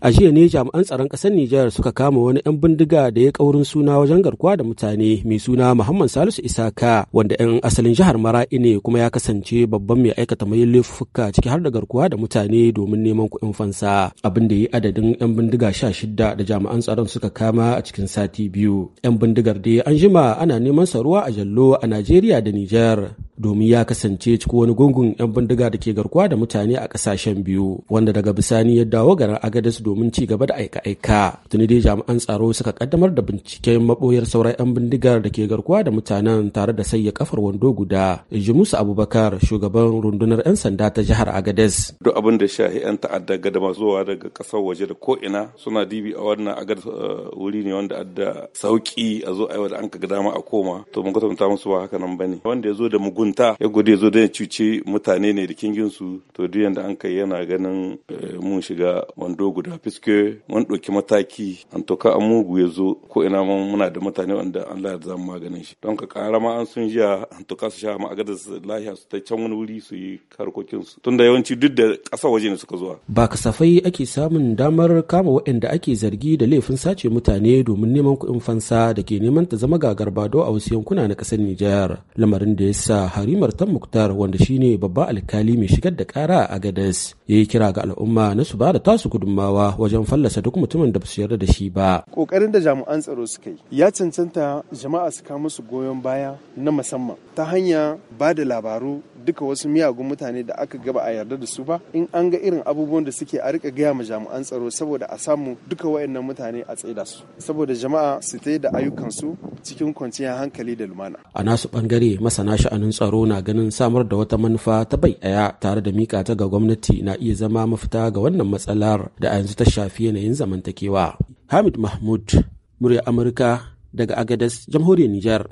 A jiya ne jami'an tsaron ƙasar Nijar suka kama wani 'yan bindiga da ya kaurin suna wajen garkuwa da mutane mai suna Muhammad Salisu Isaka wanda 'yan asalin jihar Mara'i ne kuma ya kasance babban mai aikata mai laifuka ciki har da garkuwa da mutane domin neman kuɗin fansa. Abin da ya yi adadin 'yan bindiga sha shida da jami'an tsaron suka kama a cikin sati biyu. 'Yan bindigar dai an jima ana neman saruwa a Jallo a Najeriya da Nijar. domin ya kasance ciki wani gungun 'yan bindiga da ke garkuwa da mutane a kasashen biyu wanda daga bisani ya dawo garin agadis domin ci gaba da aika-aika tuni dai jami'an tsaro suka kaddamar da binciken maboyar sauran 'yan bindigar da ke garkuwa da mutanen tare da sayya kafar wando guda inji musa abubakar shugaban rundunar 'yan sanda ta jihar agadis duk abin da shahi 'yan ta'adda ga da zuwa daga kasar waje da ko ina suna dibi a wannan agadis eh, wuri ne wanda adda sauki a zo aiwa da an ka dama a koma to mun kwatanta musu ba haka nan bane wanda ya zo da mugun mugunta ya gode zo da cuce mutane ne da kingin su to duk yanda an kai yana ganin eh, mun shiga wando guda fiske mun ɗauki mataki an toka an mugu ya zo ko ina muna da mutane wanda Allah ya zama maganin shi don ka kara ma an sun jiya an toka su sha su lahiya su ta can wani wuri su yi karkokin su tunda yawanci duk da ƙasa waje ne suka zuwa ba kasafai ake samun damar kama waɗanda ake zargi da laifin sace mutane domin neman kuɗin fansa da ke neman ta zama gagarba do a wasu yankuna na ƙasar Nijar lamarin da ya sa harimar tan muktar wanda shine babba alkali mai shigar da kara a gadas ya yi kira ga al'umma na su bada tasu gudummawa wajen fallasa duk mutumin da ba su yarda da shi ba kokarin da jami'an tsaro suka yi ya cancanta jama'a su kawo musu goyon baya na musamman ta hanya ba da labaru duka wasu miyagun mutane da aka gaba a yarda da su ba in an ga irin abubuwan da suke a rika gaya ma jami'an tsaro saboda a samu duka wayannan mutane a tsaida su saboda jama'a su ta da ayyukan su cikin kwanciyar hankali da lumana a nasu bangare masana sha'anin tsaro na ganin samar da wata manufa ta bai ɗaya tare da mika ta ga gwamnati na iya zama mafita ga wannan matsalar da a yanzu ta shafi yanayin zamantakewa hamid mahmud murya amurka daga agadas jamhuriyar nijar